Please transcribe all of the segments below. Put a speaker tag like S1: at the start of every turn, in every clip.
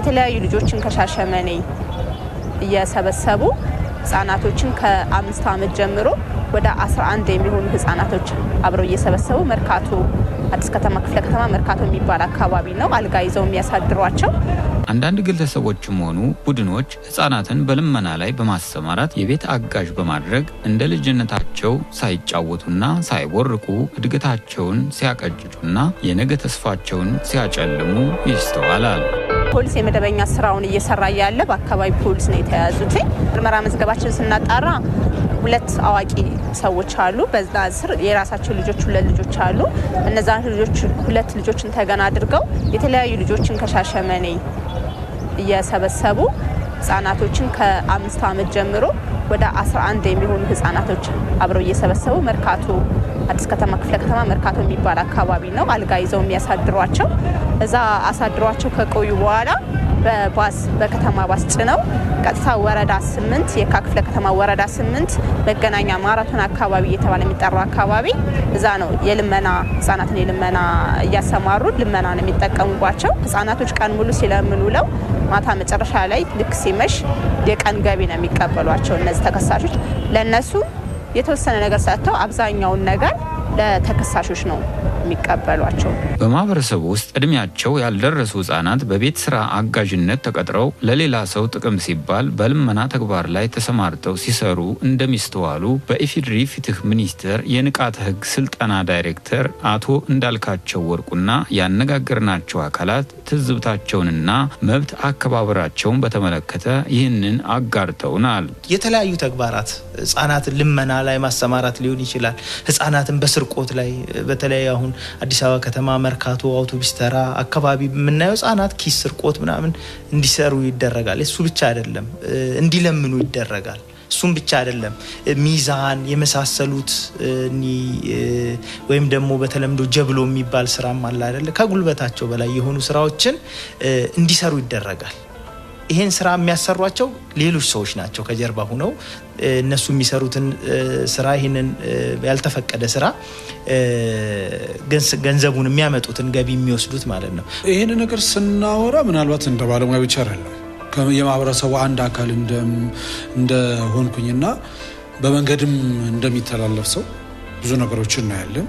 S1: የተለያዩ ልጆችን ከሻሸመኔ እየሰበሰቡ ህጻናቶችን ከአምስት ዓመት ጀምሮ ወደ 11 የሚሆኑ ህጻናቶች አብረው እየሰበሰቡ መርካቶ አዲስ ከተማ ክፍለ ከተማ መርካቶ የሚባል አካባቢ ነው አልጋ ይዘው የሚያሳድሯቸው።
S2: አንዳንድ ግለሰቦችም ሆኑ ቡድኖች ህጻናትን በልመና ላይ በማሰማራት የቤት አጋዥ በማድረግ እንደ ልጅነታቸው ሳይጫወቱና ሳይቦርቁ እድገታቸውን ሲያቀጭጩና የነገ ተስፋቸውን ሲያጨልሙ ይስተዋላል።
S1: ፖሊስ የመደበኛ ስራውን እየሰራ ያለ በአካባቢ ፖሊስ ነው የተያዙት። ምርመራ መዝገባችን ስናጣራ ሁለት አዋቂ ሰዎች አሉ። በዛ ስር የራሳቸው ልጆች ሁለት ልጆች አሉ። እነዛ ልጆች ሁለት ልጆችን ተገና አድርገው የተለያዩ ልጆችን ከሻሸመኔ እየሰበሰቡ ህጻናቶችን ከአምስት ዓመት ጀምሮ ወደ 11 የሚሆኑ ህጻናቶች አብረው እየሰበሰቡ መርካቶ አዲስ ከተማ ክፍለ ከተማ መርካቶ የሚባል አካባቢ ነው አልጋ ይዘው የሚያሳድሯቸው። እዛ አሳድሯቸው ከቆዩ በኋላ በባስ በከተማ ባስ ጭነው ቀጥታ ወረዳ ስምንት የካ ክፍለ ከተማ ወረዳ ስምንት መገናኛ ማራቶን አካባቢ እየተባለ የሚጠራው አካባቢ እዛ ነው የልመና ህጻናትን የልመና እያሰማሩ ልመና ነው የሚጠቀሙባቸው። ህጻናቶች ቀን ሙሉ ሲለምን ውለው ማታ መጨረሻ ላይ ልክ ሲመሽ የቀን ገቢ ነው የሚቀበሏቸው እነዚህ ተከሳሾች። ለእነሱ የተወሰነ ነገር ሰጥተው አብዛኛውን ነገር ለተከሳሾች ነው የሚቀበሏቸው።
S2: በማህበረሰቡ ውስጥ እድሜያቸው ያልደረሱ ህጻናት በቤት ስራ አጋዥነት ተቀጥረው ለሌላ ሰው ጥቅም ሲባል በልመና ተግባር ላይ ተሰማርተው ሲሰሩ እንደሚስተዋሉ በኢፌዴሪ ፍትህ ሚኒስቴር የንቃተ ህግ ስልጠና ዳይሬክተር አቶ እንዳልካቸው ወርቁና ያነጋገርናቸው አካላት ትዝብታቸውንና መብት አከባበራቸውን በተመለከተ ይህንን አጋርተውናል።
S3: የተለያዩ ተግባራት ህጻናትን ልመና ላይ ማሰማራት ሊሆን ይችላል። ህጻናትን በስርቆት ላይ በተለያዩ አሁን አሁን አዲስ አበባ ከተማ መርካቶ፣ አውቶቡስ ተራ አካባቢ የምናየው ህጻናት ኪስ ስርቆት ምናምን እንዲሰሩ ይደረጋል። እሱ ብቻ አይደለም፣ እንዲለምኑ ይደረጋል። እሱም ብቻ አይደለም፣ ሚዛን የመሳሰሉት ወይም ደግሞ በተለምዶ ጀብሎ የሚባል ስራም አለ አይደለ? ከጉልበታቸው በላይ የሆኑ ስራዎችን እንዲሰሩ ይደረጋል። ይሄን ስራ የሚያሰሯቸው ሌሎች ሰዎች ናቸው ከጀርባ ሁነው እነሱ የሚሰሩትን ስራ ይህንን ያልተፈቀደ ስራ ገንዘቡን የሚያመጡትን ገቢ የሚወስዱት ማለት ነው።
S4: ይህን ነገር ስናወራ ምናልባት እንደ ባለሙያ ብቻ አይደለም የማህበረሰቡ አንድ አካል እንደሆንኩኝና በመንገድም እንደሚተላለፍ ሰው ብዙ ነገሮችን እናያለን።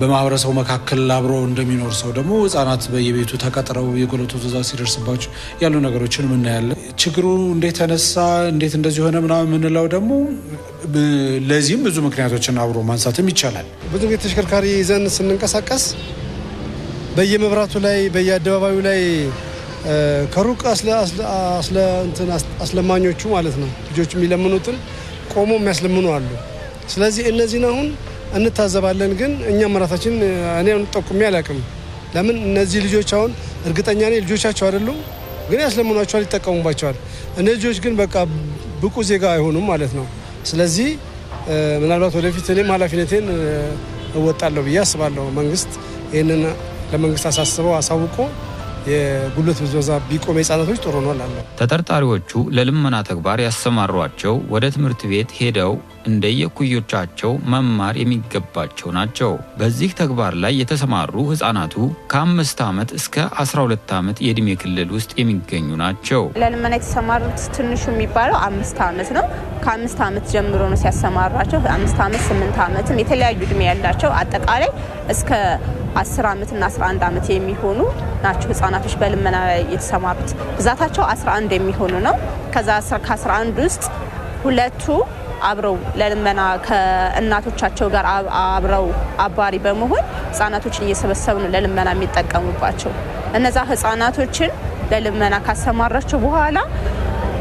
S4: በማህበረሰቡ መካከል አብሮ እንደሚኖር ሰው ደግሞ ህጻናት በየቤቱ ተቀጥረው የጎለቱ ትእዛዝ ሲደርስባቸው ያሉ ነገሮችን እናያለን። ችግሩ እንዴት ተነሳ፣ እንዴት እንደዚህ ሆነ ምናምን የምንለው ደግሞ ለዚህም ብዙ ምክንያቶችን አብሮ ማንሳትም ይቻላል።
S5: ብዙ ጊዜ ተሽከርካሪ ይዘን ስንንቀሳቀስ በየመብራቱ ላይ በየአደባባዩ ላይ ከሩቅ አስለማኞቹ ማለት ነው ልጆች የሚለምኑትን ቆሞ የሚያስለምኑ አሉ። ስለዚህ እነዚህን አሁን እንታዘባለን። ግን እኛም ራሳችን እኔ ጠቁሜ አላውቅም። ለምን እነዚህ ልጆች አሁን እርግጠኛ ነኝ ልጆቻቸው አይደሉም፣ ግን ያስለምኗቸዋል፣ ይጠቀሙባቸዋል። እነዚህ ልጆች ግን በቃ ብቁ ዜጋ አይሆኑም ማለት ነው። ስለዚህ ምናልባት ወደፊት እኔም ኃላፊነቴን እወጣለሁ ብዬ አስባለሁ። መንግስት ይህንን ለመንግስት አሳስበው አሳውቆ የጉልበት ብዝበዛ ቢቆም የህጻናቶች ጥሩ ነው ላለ
S2: ተጠርጣሪዎቹ ለልመና ተግባር ያሰማሯቸው ወደ ትምህርት ቤት ሄደው እንደየኩዮቻቸው መማር የሚገባቸው ናቸው። በዚህ ተግባር ላይ የተሰማሩ ህጻናቱ ከአምስት ዓመት እስከ 12 ዓመት የዕድሜ ክልል ውስጥ የሚገኙ ናቸው።
S1: ለልመና የተሰማሩት ትንሹ የሚባለው አምስት ዓመት ነው። ከአምስት ዓመት ጀምሮ ነው ሲያሰማራቸው። አምስት ዓመት፣ ስምንት ዓመትም የተለያዩ ዕድሜ ያላቸው አጠቃላይ እስከ አስር ዓመትና አስራ አንድ አመት የሚሆኑ ናቸው ህጻናቶች በልመና ላይ የተሰማሩት። ብዛታቸው አስራ አንድ የሚሆኑ ነው። ከዛ ከአስራ አንድ ውስጥ ሁለቱ አብረው ለልመና ከእናቶቻቸው ጋር አብረው አባሪ በመሆን ህጻናቶችን እየሰበሰቡ ነው ለልመና የሚጠቀሙባቸው። እነዛ ህጻናቶችን ለልመና ካሰማራቸው በኋላ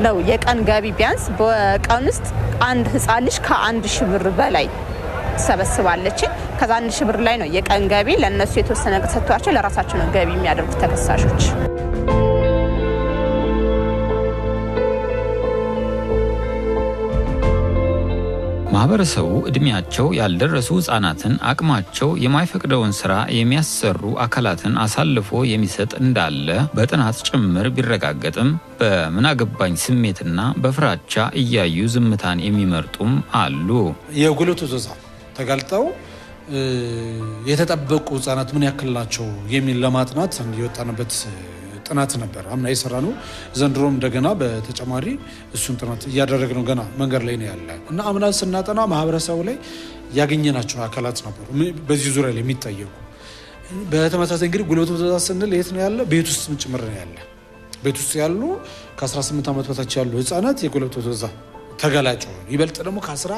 S1: ነው የቀን ገቢ ቢያንስ በቀን ውስጥ አንድ ህጻን ልጅ ከአንድ ሺ ብር በላይ ትሰበስባለችን ከዛ አንድ ሺህ ብር ላይ ነው የቀን ገቢ ለእነሱ የተወሰነ ተሰጥቷቸው ለራሳቸው ነው ገቢ የሚያደርጉት ተከሳሾች።
S2: ማህበረሰቡ እድሜያቸው ያልደረሱ ህጻናትን አቅማቸው የማይፈቅደውን ስራ የሚያሰሩ አካላትን አሳልፎ የሚሰጥ እንዳለ በጥናት ጭምር ቢረጋገጥም በምናገባኝ ስሜትና በፍራቻ እያዩ ዝምታን የሚመርጡም አሉ።
S4: የጉልቱ ትዕዛዝ ተገልጠው የተጠበቁ ህጻናት ምን ያክል ናቸው የሚል ለማጥናት የወጣንበት ጥናት ነበር። አምና የሰራ ነው። ዘንድሮም እንደገና በተጨማሪ እሱን ጥናት እያደረግ ነው። ገና መንገድ ላይ ነው ያለ እና አምና ስናጠና ማህበረሰቡ ላይ ያገኘናቸው አካላት ነበሩ በዚህ ዙሪያ ላይ የሚጠየቁ። በተመሳሳይ እንግዲህ ጉልበት ብዛት ስንል የት ነው ያለ? ቤት ውስጥ ጭምር ነው ያለ። ቤት ውስጥ ያሉ ከ18 ዓመት በታች ያሉ ህጻናት የጉልበቱ ብዛት ተገላጭ ሆኑ። ይበልጥ ደግሞ ከአስራ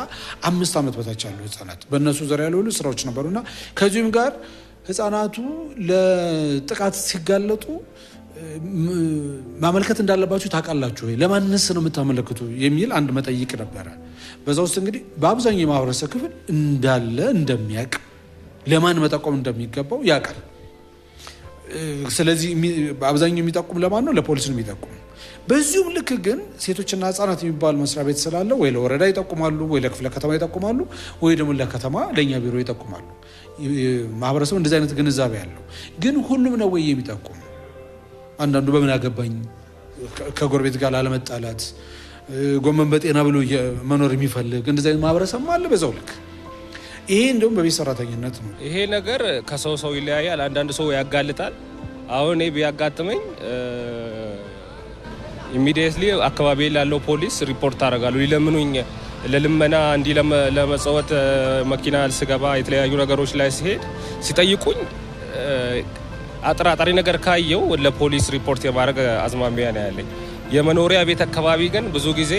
S4: አምስት ዓመት በታች ያሉ ህጻናት በእነሱ ዘር ያልሆኑ ስራዎች ነበሩና ከዚሁም ጋር ህጻናቱ ለጥቃት ሲጋለጡ ማመልከት እንዳለባችሁ ታውቃላችሁ ለማንስ ነው የምታመለክቱ የሚል አንድ መጠይቅ ነበረ። በዛ ውስጥ እንግዲህ በአብዛኛው የማህበረሰብ ክፍል እንዳለ እንደሚያውቅ ለማን መጠቆም እንደሚገባው ያውቃል። ስለዚህ አብዛኛው የሚጠቁም ለማን ነው? ለፖሊስ ነው የሚጠቁም በዚሁም ልክ ግን ሴቶችና ህጻናት የሚባል መስሪያ ቤት ስላለ ወይ ለወረዳ ይጠቁማሉ፣ ወይ ለክፍለ ከተማ ይጠቁማሉ፣ ወይ ደግሞ ለከተማ ለእኛ ቢሮ ይጠቁማሉ። ማህበረሰቡ እንደዚህ አይነት ግንዛቤ ያለው ግን ሁሉም ነው ወይ የሚጠቁም? አንዳንዱ በምን አገባኝ ከጎረቤት ጋር ላለመጣላት ጎመን በጤና ብሎ መኖር የሚፈልግ እንደዚህ አይነት ማህበረሰብ አለ በዛው ልክ ይሄ እንደውም በቤት ሰራተኝነት ነው።
S6: ይሄ ነገር ከሰው ሰው ይለያያል። አንዳንድ ሰው ያጋልጣል። አሁን ቢያጋጥመኝ ኢሚዲየትሊ አካባቢ ላለው ፖሊስ ሪፖርት አደርጋሉ። ሊለምኑኝ ለልመና እንዲ ለመጸወት መኪና ስገባ የተለያዩ ነገሮች ላይ ሲሄድ ሲጠይቁኝ አጠራጣሪ ነገር ካየው ለፖሊስ ሪፖርት የማድረግ አዝማሚያ ነው ያለኝ። የመኖሪያ ቤት አካባቢ ግን ብዙ ጊዜ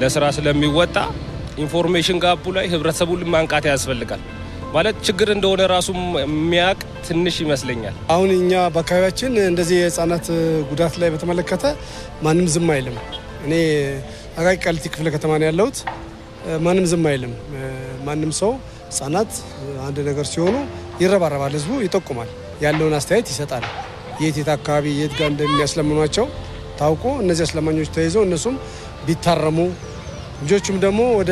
S6: ለስራ ስለሚወጣ ኢንፎርሜሽን ጋቡ ላይ ህብረተሰቡን ማንቃት ያስፈልጋል። ማለት ችግር እንደሆነ ራሱ የሚያውቅ ትንሽ ይመስለኛል።
S5: አሁን እኛ በአካባቢያችን እንደዚህ የህፃናት ጉዳት ላይ በተመለከተ ማንም ዝም አይልም። እኔ አቃቂ ቃሊቲ ክፍለ ከተማ ነው ያለሁት። ማንም ዝም አይልም። ማንም ሰው ህጻናት አንድ ነገር ሲሆኑ ይረባረባል፣ ህዝቡ ይጠቁማል፣ ያለውን አስተያየት ይሰጣል። የት የት አካባቢ የት ጋር እንደሚያስለምኗቸው ታውቆ እነዚህ አስለማኞች ተይዘው እነሱም ቢታረሙ ልጆቹም ደግሞ ወደ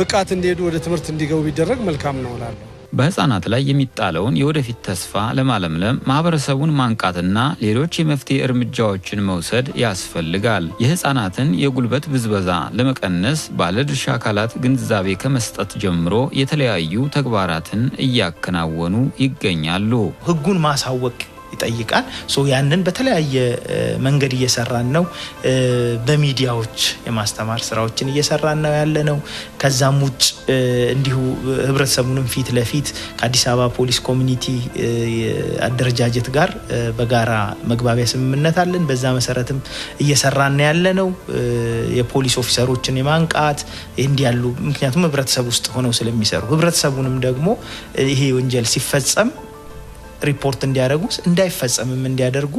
S5: ብቃት እንዲሄዱ ወደ ትምህርት እንዲገቡ ቢደረግ መልካም ነው እላለሁ።
S2: በህፃናት ላይ የሚጣለውን የወደፊት ተስፋ ለማለምለም ማህበረሰቡን ማንቃትና ሌሎች የመፍትሄ እርምጃዎችን መውሰድ ያስፈልጋል። የህፃናትን የጉልበት ብዝበዛ ለመቀነስ ባለድርሻ አካላት ግንዛቤ ከመስጠት ጀምሮ የተለያዩ ተግባራትን እያከናወኑ ይገኛሉ።
S3: ህጉን ማሳወቅ ይጠይቃል። ያንን በተለያየ መንገድ እየሰራን ነው። በሚዲያዎች የማስተማር ስራዎችን እየሰራን ነው ያለ ነው። ከዛም ውጭ እንዲሁ ህብረተሰቡንም ፊት ለፊት ከአዲስ አበባ ፖሊስ ኮሚኒቲ አደረጃጀት ጋር በጋራ መግባቢያ ስምምነት አለን። በዛ መሰረትም እየሰራን ያለ ነው። የፖሊስ ኦፊሰሮችን የማንቃት እንዲህ ያሉ ምክንያቱም ህብረተሰብ ውስጥ ሆነው ስለሚሰሩ ህብረተሰቡንም ደግሞ ይሄ ወንጀል ሲፈጸም ሪፖርት እንዲያደርጉ እንዳይፈጸምም እንዲያደርጉ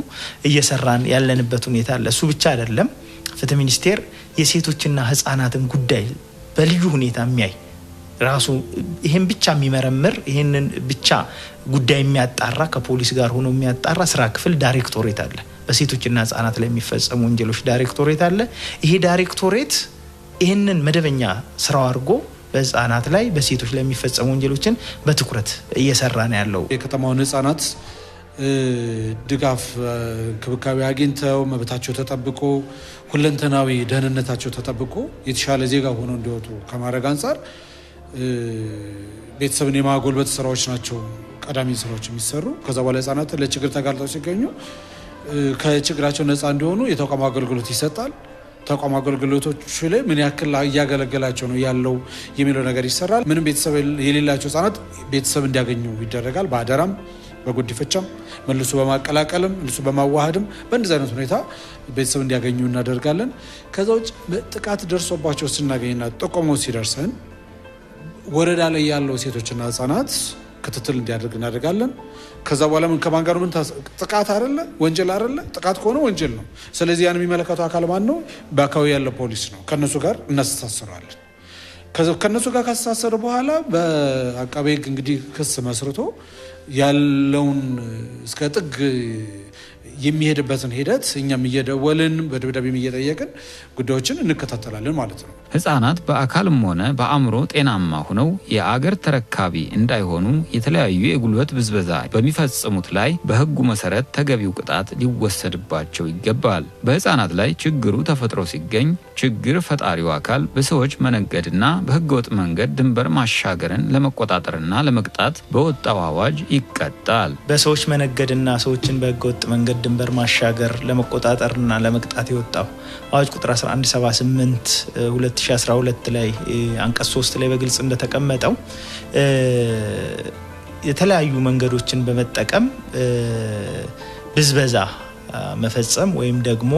S3: እየሰራን ያለንበት ሁኔታ አለ። እሱ ብቻ አይደለም። ፍትህ ሚኒስቴር የሴቶችና ህጻናትን ጉዳይ በልዩ ሁኔታ የሚያይ ራሱ ይህን ብቻ የሚመረምር ይህንን ብቻ ጉዳይ የሚያጣራ ከፖሊስ ጋር ሆኖ የሚያጣራ ስራ ክፍል ዳይሬክቶሬት አለ። በሴቶችና ህጻናት ላይ የሚፈጸሙ ወንጀሎች ዳይሬክቶሬት አለ። ይሄ ዳይሬክቶሬት ይህንን መደበኛ ስራው አድርጎ በህፃናት ላይ በሴቶች ላይ የሚፈጸሙ ወንጀሎችን በትኩረት እየሰራ ነው ያለው።
S4: የከተማውን ህፃናት ድጋፍ እንክብካቤ አግኝተው መብታቸው ተጠብቆ ሁለንተናዊ ደህንነታቸው ተጠብቆ የተሻለ ዜጋ ሆነው እንዲወጡ ከማድረግ አንጻር ቤተሰብን የማጎልበት ስራዎች ናቸው ቀዳሚ ስራዎች የሚሰሩ። ከዛ በኋላ ህጻናት ለችግር ተጋልጠው ሲገኙ ከችግራቸው ነፃ እንዲሆኑ የተቋም አገልግሎት ይሰጣል። ተቋም አገልግሎቶች ላይ ምን ያክል እያገለገላቸው ነው ያለው የሚለው ነገር ይሰራል። ምንም ቤተሰብ የሌላቸው ህጻናት ቤተሰብ እንዲያገኙ ይደረጋል። በአደራም በጉዲፈቻም መልሶ በማቀላቀልም መልሶ በማዋሃድም በእንደዚህ አይነት ሁኔታ ቤተሰብ እንዲያገኙ እናደርጋለን። ከዛ ውጭ ጥቃት ደርሶባቸው ስናገኝና ጥቆመው ሲደርሰን ወረዳ ላይ ያለው ሴቶችና ህጻናት ክትትል እንዲያደርግ እናደርጋለን። ከዛ በኋላ ምን ከማን ጋር ምን ጥቃት አይደለ ወንጀል አይደለ ጥቃት ከሆነ ወንጀል ነው። ስለዚህ ያን የሚመለከተው አካል ማን ነው? በአካባቢ ያለ ፖሊስ ነው። ከነሱ ጋር እናስተሳስረዋለን። ከነሱ ጋር ካስተሳሰረ በኋላ በአቃቤ ሕግ እንግዲህ ክስ መስርቶ ያለውን እስከ ጥግ የሚሄድበትን ሂደት እኛም እየደወልን በደብዳቤም እየጠየቅን ጉዳዮችን እንከታተላለን ማለት ነው።
S2: ህጻናት በአካልም ሆነ በአእምሮ ጤናማ ሆነው የአገር ተረካቢ እንዳይሆኑ የተለያዩ የጉልበት ብዝበዛ በሚፈጽሙት ላይ በህጉ መሰረት ተገቢው ቅጣት ሊወሰድባቸው ይገባል። በህጻናት ላይ ችግሩ ተፈጥሮ ሲገኝ ችግር ፈጣሪው አካል በሰዎች መነገድና በህገወጥ መንገድ ድንበር ማሻገርን ለመቆጣጠርና ለመቅጣት በወጣው አዋጅ ይቀጣል።
S3: በሰዎች መነገድና ሰዎችን በህገወጥ መንገድ ድንበር ማሻገር ለመቆጣጠርና ለመቅጣት የወጣው አዋጅ ቁጥር 1178 2012 ላይ አንቀጽ 3 ላይ በግልጽ እንደተቀመጠው የተለያዩ መንገዶችን በመጠቀም ብዝበዛ መፈጸም ወይም ደግሞ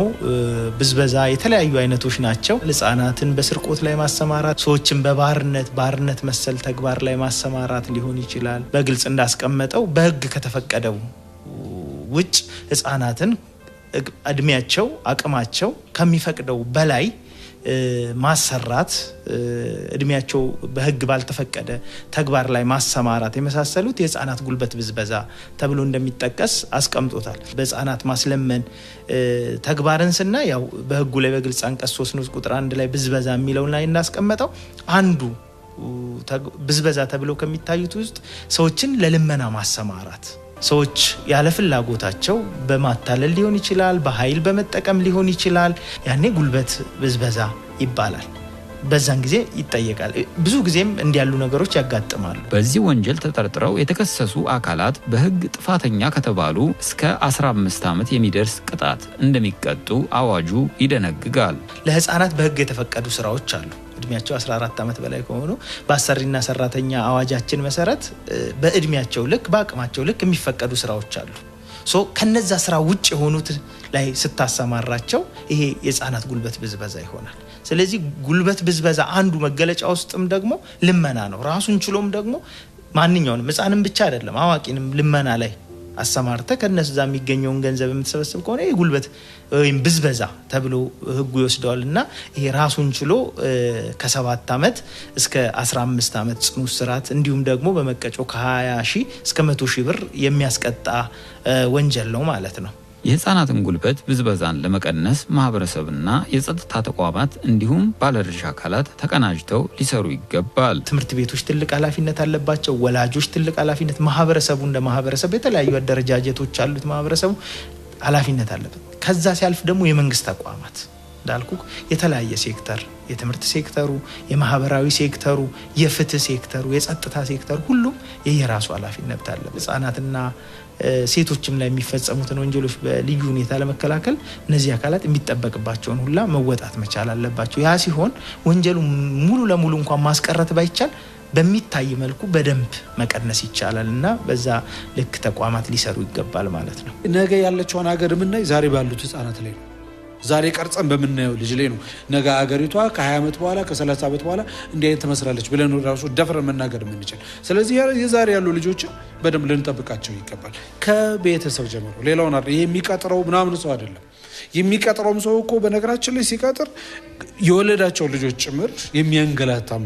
S3: ብዝበዛ የተለያዩ አይነቶች ናቸው። ሕፃናትን በስርቆት ላይ ማሰማራት፣ ሰዎችን በባርነት ባርነት መሰል ተግባር ላይ ማሰማራት ሊሆን ይችላል። በግልጽ እንዳስቀመጠው በህግ ከተፈቀደው ውጭ ህጻናትን እድሜያቸው አቅማቸው ከሚፈቅደው በላይ ማሰራት እድሜያቸው በህግ ባልተፈቀደ ተግባር ላይ ማሰማራት የመሳሰሉት የህፃናት ጉልበት ብዝበዛ ተብሎ እንደሚጠቀስ አስቀምጦታል። በህፃናት ማስለመን ተግባርን ስና ያው በህጉ ላይ በግልጽ አንቀስ ሶስት ቁጥር አንድ ላይ ብዝበዛ የሚለውን ላይ እንዳስቀመጠው አንዱ ብዝበዛ ተብሎ ከሚታዩት ውስጥ ሰዎችን ለልመና ማሰማራት ሰዎች ያለ ፍላጎታቸው በማታለል ሊሆን ይችላል፣ በኃይል በመጠቀም ሊሆን ይችላል። ያኔ ጉልበት ብዝበዛ ይባላል። በዛን ጊዜ ይጠየቃል። ብዙ ጊዜም እንዲያሉ ነገሮች ያጋጥማሉ።
S2: በዚህ ወንጀል ተጠርጥረው የተከሰሱ አካላት በሕግ ጥፋተኛ ከተባሉ እስከ 15 ዓመት የሚደርስ ቅጣት እንደሚቀጡ አዋጁ ይደነግጋል።
S3: ለሕፃናት በሕግ የተፈቀዱ ስራዎች አሉ። እድሜያቸው 14 ዓመት በላይ ከሆኑ በአሰሪና ሰራተኛ አዋጃችን መሰረት በእድሜያቸው ልክ በአቅማቸው ልክ የሚፈቀዱ ስራዎች አሉ። ሶ ከነዛ ስራ ውጭ የሆኑት ላይ ስታሰማራቸው ይሄ የህፃናት ጉልበት ብዝበዛ ይሆናል። ስለዚህ ጉልበት ብዝበዛ አንዱ መገለጫ ውስጥም ደግሞ ልመና ነው። ራሱን ችሎም ደግሞ ማንኛውንም ህፃንም ብቻ አይደለም አዋቂንም ልመና ላይ አሰማርተ ዛ የሚገኘውን ገንዘብ የምትሰበስብ ከሆነ የጉልበት ወይም ብዝበዛ ተብሎ ህጉ ይወስደዋል እና ይሄ ራሱን ችሎ ከሰባት ዓመት እስከ 15 ዓመት ጽኑ እስራት እንዲሁም ደግሞ በመቀጮ ከ20 ሺህ እስከ 100 ሺህ ብር የሚያስቀጣ ወንጀል ነው ማለት ነው።
S2: የህፃናትን ጉልበት ብዝበዛን ለመቀነስ ማህበረሰብና የጸጥታ ተቋማት እንዲሁም ባለድርሻ አካላት ተቀናጅተው ሊሰሩ ይገባል።
S3: ትምህርት ቤቶች ትልቅ ኃላፊነት አለባቸው። ወላጆች ትልቅ ኃላፊነት፣ ማህበረሰቡ እንደ ማህበረሰብ የተለያዩ አደረጃጀቶች አሉት። ማህበረሰቡ ኃላፊነት አለበት። ከዛ ሲያልፍ ደግሞ የመንግስት ተቋማት እንዳልኩ የተለያየ ሴክተር የትምህርት ሴክተሩ፣ የማህበራዊ ሴክተሩ፣ የፍትህ ሴክተሩ፣ የጸጥታ ሴክተሩ ሁሉም የየራሱ ኃላፊነት አለ። ህጻናትና ሴቶችም ላይ የሚፈጸሙትን ወንጀሎች በልዩ ሁኔታ ለመከላከል እነዚህ አካላት የሚጠበቅባቸውን ሁላ መወጣት መቻል አለባቸው። ያ ሲሆን ወንጀሉ ሙሉ ለሙሉ እንኳን ማስቀረት ባይቻል በሚታይ መልኩ በደንብ መቀነስ ይቻላል እና በዛ ልክ ተቋማት ሊሰሩ ይገባል ማለት ነው።
S4: ነገ ያለችውን ሀገር የምናይ ዛሬ ባሉት ህጻናት ላይ ነው። ዛሬ ቀርጸን በምናየው ልጅ ላይ ነው። ነገ አገሪቷ ከ20 ዓመት በኋላ ከ30 ዓመት በኋላ እንዲህ አይነት ትመስላለች ብለን ራሱ ደፍረን መናገር የምንችል ስለዚህ የዛሬ ያሉ ልጆችን በደንብ ልንጠብቃቸው ይገባል። ከቤተሰብ ጀምሮ ሌላውን አ የሚቀጥረው ምናምን ሰው አይደለም። የሚቀጥረውም ሰው እኮ በነገራችን ላይ ሲቀጥር የወለዳቸው ልጆች ጭምር የሚያንገላታም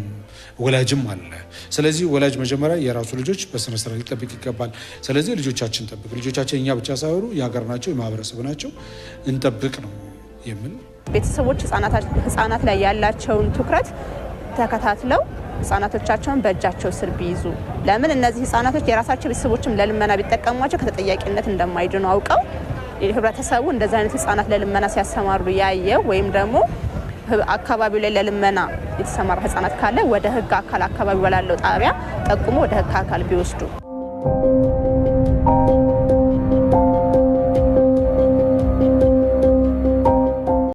S4: ወላጅም አለ። ስለዚህ ወላጅ መጀመሪያ የራሱ ልጆች በስነ ስርዓት ሊጠብቅ ይገባል። ስለዚህ ልጆቻችን ጠብቅ፣ ልጆቻችን እኛ ብቻ ሳይሆኑ የሀገር ናቸው፣ የማህበረሰብ ናቸው። እንጠብቅ ነው የምል
S1: ቤተሰቦች ህጻናት ላይ ያላቸውን ትኩረት ተከታትለው ህጻናቶቻቸውን በእጃቸው ስር ቢይዙ ለምን እነዚህ ህጻናቶች የራሳቸው ቤተሰቦችም ለልመና ቢጠቀሟቸው ከተጠያቂነት እንደማይድኑ አውቀው ህብረተሰቡ እንደዚህ አይነት ህጻናት ለልመና ሲያሰማሩ ያየው ወይም ደግሞ አካባቢው ላይ ለልመና የተሰማራ ህጻናት ካለ ወደ ህግ አካል አካባቢ ወላለው ጣቢያ ጠቁሞ ወደ ህግ አካል ቢወስዱ